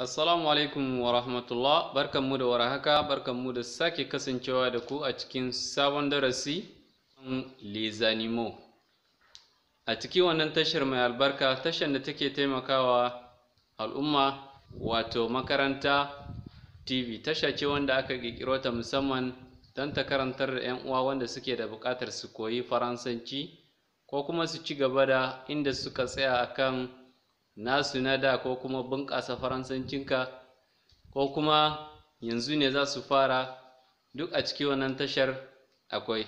Assalamu alaikum wa rahmatullah barkan mu da warhaka barkan mu da sake kasancewa da ku a cikin sabon darasi Les A cikin wannan tashar mai albarka tashar da take taimakawa al'umma wato makaranta TV tasha ce wanda aka kirkiro ta musamman don ta karantar da 'yan uwa wanda suke da bukatar su koyi Faransanci ko kuma su ci gaba da inda suka tsaya akan nasu na da ko kuma bunƙasa faransancinka ko kuma yanzu ne za su fara duk a ciki wannan tashar akwai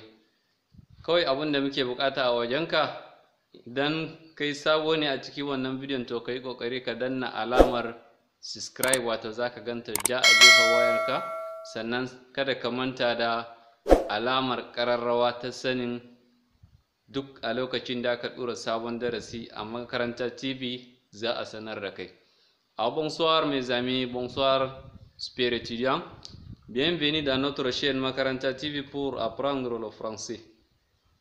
kawai abin da muke bukata a wajenka idan kai sabo ne a ciki wannan bidiyon to kai kokari ka danna alamar subscribe wato za ka ganta ja a gefen wayarka sannan kada ka manta da alamar kararrawa ta sanin duk a lokacin da aka ɗora sabon darasi a makarantar tv za bonsoir mes amis bonsoir super étudiants bienvenue dans notre chaîne Makaranta pour apprendre le français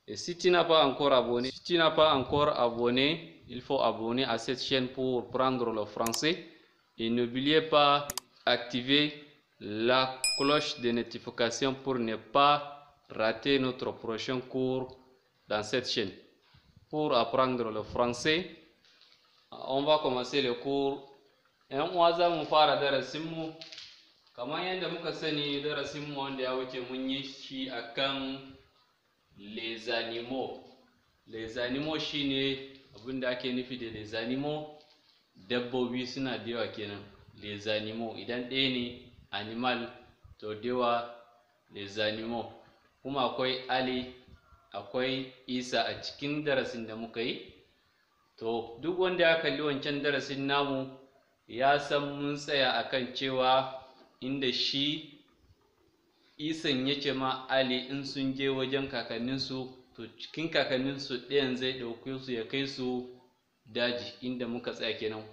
et si tu n'as pas encore abonné si tu n'as pas encore abonné il faut abonner à cette chaîne pour apprendre le français et n'oubliez pas d'activer la cloche de notification pour ne pas rater notre prochain cours dans cette chaîne pour apprendre le français on va commencer le cours yan uwa za mu fara darasinmu kamar yadda muka sani darasin mu wanda ya wuce mun yi shi akan les animaux les animaux shine abin da ake nufi da les dabbobi suna da yawa kenan les idan ɗaya ne animal to da yawa les kuma akwai ali akwai isa a cikin darasin da muka yi to duk wanda ya kalli wancan darasin namu ya san mun tsaya a kan cewa inda shi isan ya ce ma ali in sun je wajen kakanninsu to cikin kakanninsu ɗayan zai ɗauke su ya kai su daji inda muka tsaya kenan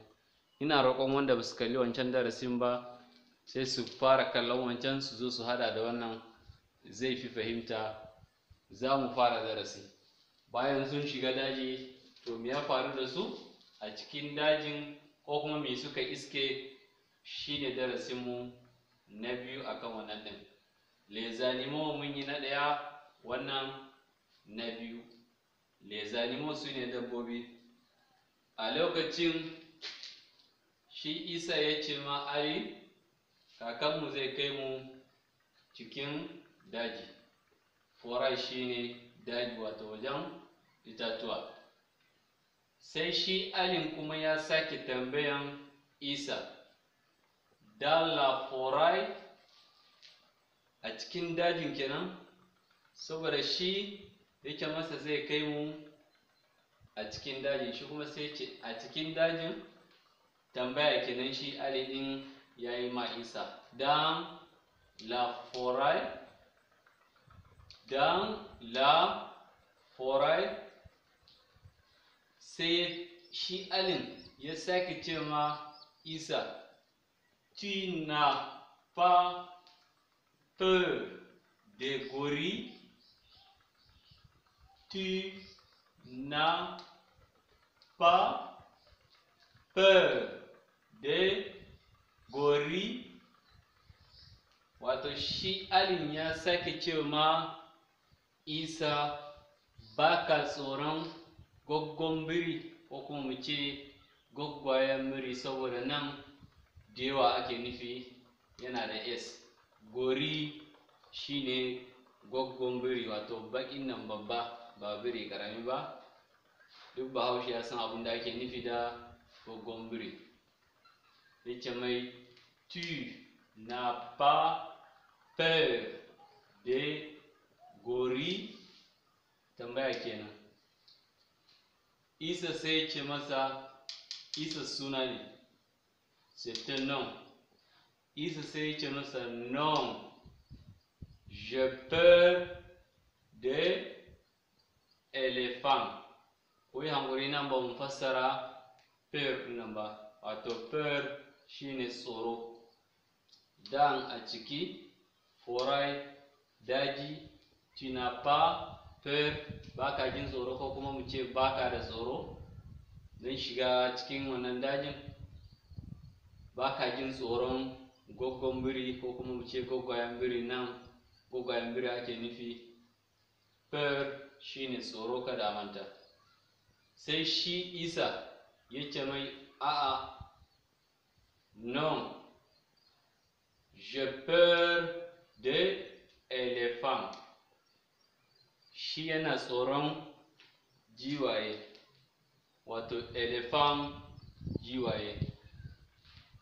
ina roƙon wanda ba su kalli wancan darasin ba sai su fara kallon wancan su zo su hada da wannan zai fi fahimta za mu fara darasi bayan sun shiga daji to me ya faru da su a cikin dajin ko kuma me suka iske shine mu na biyu akan wannan din zalimo mun yi na ɗaya wannan na biyu lezanimo su ne dabbobi a lokacin shi isa ya ce ma ari kakanmu zai kai mu cikin daji fora shi ne daji wato wajen itatuwa sai shi alin kuma ya sake tambayan isa dalaforai a cikin dajin kenan saboda shi yake masa zai kai mu a cikin dajin shi kuma sai ce a cikin dajin tambaya kenan shi alidin ya yi ma isa dan forai dan forai sai shi alin ya sake ce ma isa tu n'as pas peur des gorilles tu n'as pas peur des wato shi alin ya sake ce ma isa baka tsoron Goggon biri ko kuma mu ce gwaggwayen biri saboda nan da ake nufi yana da s gori shine goggon biri wato bakin nan babba ba biri karami ba duk bahaushe ya san abinda ake nufi da goggon biri yace mai tu na pas peur de gori tambaya kenan isa sai ce masa isa suna ne c'était non isa sai ce masa non je peur de elephant ku yi hankuri nan ba mu fassara peur nan ba wato peur shine tsoro dan a ciki forai daji tinapa kai baka jin tsoro ko kuma mu ce baka da tsoro zan shiga cikin wannan dajin baka jin tsoron goggon biri ko kuma mu ce goggoyen biri nan biri ake nufi fir shine tsoro kada manta sai shi isa ya ce mai a'a non je peur de éléphants shi yana tsoron jiwaye wato elefan jiwaye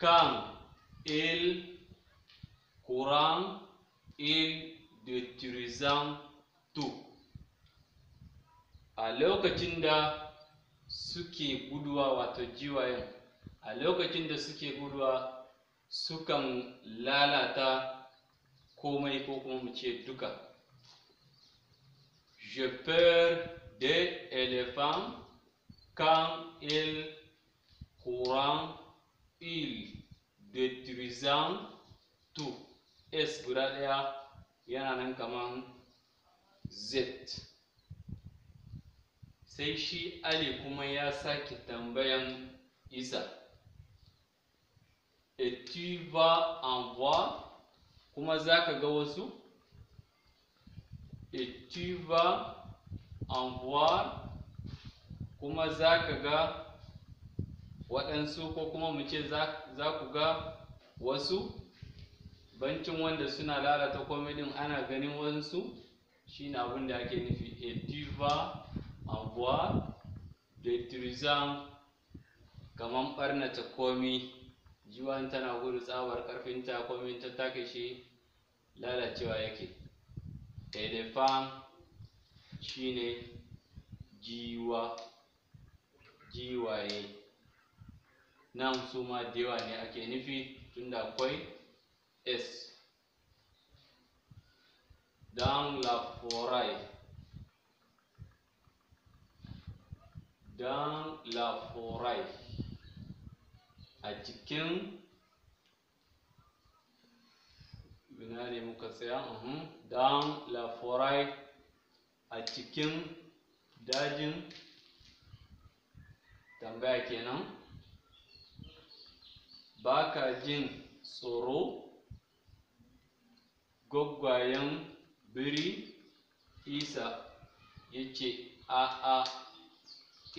kan il kuran il de turizan tu a lokacin da suke guduwa wato jiwayen a lokacin da suke guduwa sukan lalata komai ko kuma mu ce duka J'ai peur des éléphants quand ils courent, ils détruisent tout. S guda ɗaya yana nan kaman Z. Sai shi Ali kuma ya sake tambayan Isa. Et tu vas en voir kuma za ka ga wasu? et tu vas en voir kuma za ka ga waɗansu ko kuma mu ce za ku ga wasu bancin wanda suna lalata komedin ana ganin wasu shi na abin da ake nufi a diva avoir da turizan kamar ɓarnata komi jiwa tana gudu tsabar ƙarfinta komi ta take shi lalacewa yake Edefam shine jiwa jiwaye Nan su ma da ne ake nufi tunda akwai S. Dan laforai. Dan laforai. A cikin ina ne muka tsaya mhm, Dan la a cikin dajin tambaya kenan baka jin tsoro gwaggwayen biri isa ya ce a'a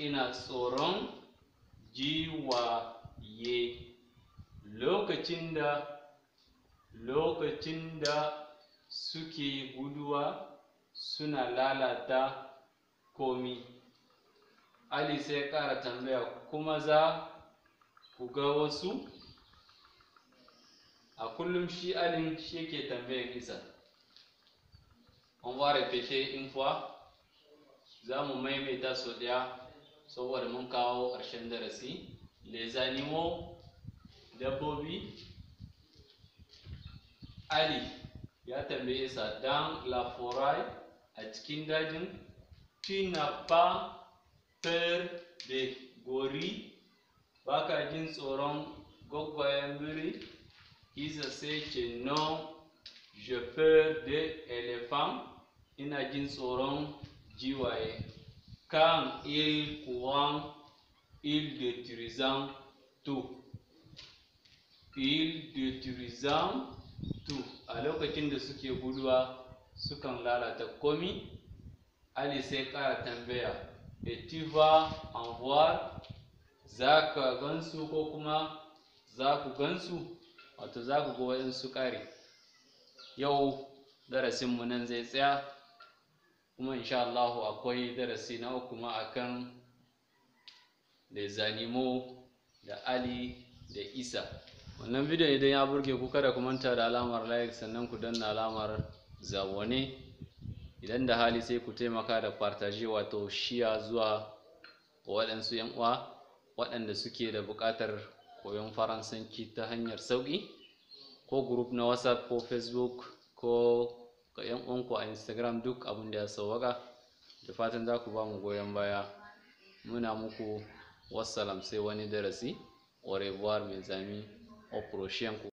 ina tsoron jiwaye lokacin da lokacin da suke guduwa suna lalata komi ali sai ya ƙara tambaya kuma za ku ga wasu a kullum shi alin shi yake tambayan isa an ware feshe in kuwa za mu maimaita sau ɗaya saboda mun kawo ƙarshen darasi lezanimo dabbobi ali ya tambaye sa dan la a cikin dajin tu n'as de gori baka jin tsoron gwaggwayen biri isa sai ce non je peur de elephant ina jin tsoron jiwaye kan il courant il de turizan tu il de turizan to a lokacin da suke guduwa sukan lalata komi ali sai ƙara tambaya etiva eh, voir za ka gansu ko kuma za ku gansu wato za ku ga su ƙari yau darasinmu nan zai tsaya kuma insha Allah akwai darasi na uku ma akan da zanimo da ali da isa wannan bidiyon idan ya burge ku kada ku manta da alamar like sannan ku danna alamar zawane idan da hali sai ku taimaka da partage wato shiya zuwa waɗansu yan uwa waɗanda suke da buƙatar koyon faransanci ta hanyar sauƙi ko group na whatsapp ko facebook ko ga yan uwanku a instagram duk abin da ya sauwaka da fatan za ku ba mu goyon baya muna muku wassalam sai wani darasi au revoir mes amis o proșiem cu